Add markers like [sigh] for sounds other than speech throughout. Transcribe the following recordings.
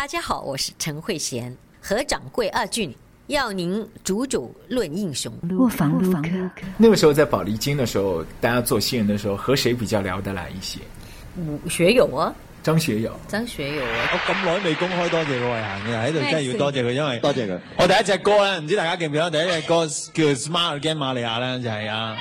大家好，我是陳慧嫻，和掌櫃阿峻要您煮煮論英雄。臥房擼歌哥，那個時候在寶麗金的時候，大家做新人的時候，和誰比較聊得來一些？張學友啊，張學友啊，張學友啊，我咁耐未公開多謝我呀！你喺度真係要多謝佢，因為多謝佢。我第一隻歌咧，唔知大家記唔記得？第一隻歌叫《Smart Girl Maria》咧，就係啊，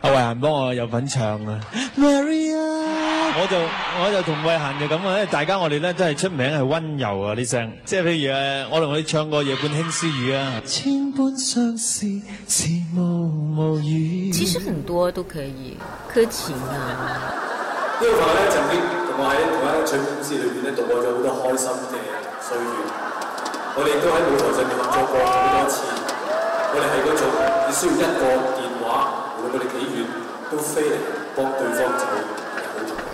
阿偉恒幫我有份唱啊。Maria! 我就我就同慧嫻就咁啊。大家我哋咧真係出名係溫柔啊啲聲，即係譬如誒，我同你唱過《夜半輕私語》啊。千般相思似霧霧雨。無無其實很多都可以，克勤啊。呢個朋友咧，曾經同我喺同一間唱片公司裏邊咧度過咗好多開心嘅歲月，我哋亦都喺舞台上面合作過好多次。我哋係嗰種只需要一個電話，無論我哋幾遠，都飛嚟幫對方就。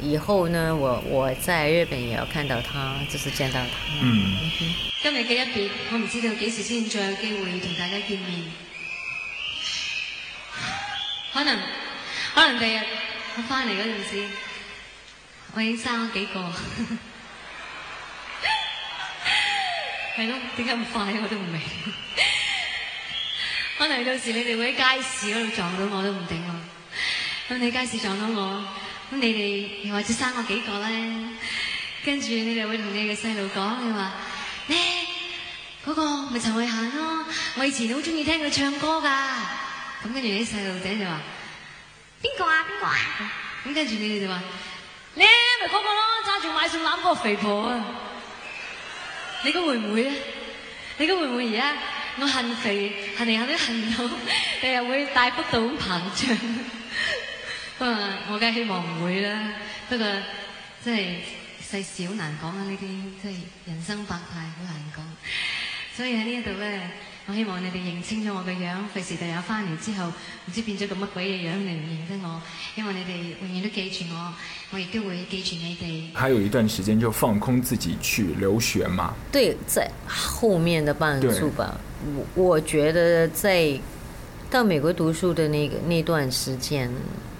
以後呢，我我在日本也要看到他，就是見到他。嗯，今日嘅一別，我唔知道幾時先再有機會同大家見面。可能可能第日我翻嚟嗰陣時，我已經生咗幾個，係 [laughs] 咯？點解咁快我都唔明。可能到時你哋會喺街市嗰度撞到我都唔定喎。咁你街市撞到我？咁你哋又或者生我幾個咧？跟住你哋會同你嘅細路講，你話咧嗰個咪陳慧嫻咯，我以前好中意聽佢唱歌噶。咁跟住啲細路仔就話邊個啊邊個啊？咁、啊、跟住你哋就話咧咪嗰個咯、啊，揸住買餸籃嗰個肥婆啊！你估會唔會咧？你估會唔會而家我恨肥，恨你，恨都恨唔到，你又會大幅度咁膨脹。不過、啊、我梗係希望唔會啦。不過真係世事好難講啊！呢啲即係人生百態，好難講。所以喺呢一度咧，我希望你哋認清咗我嘅樣。費事第日翻嚟之後，唔知變咗個乜鬼嘅樣，你唔認得我。希望你哋永遠都記住我，我亦都會記住你哋。還有一段時間就放空自己去留學嘛。對，在後面的半數吧。對我我覺得在到美國讀書的那個那段時間。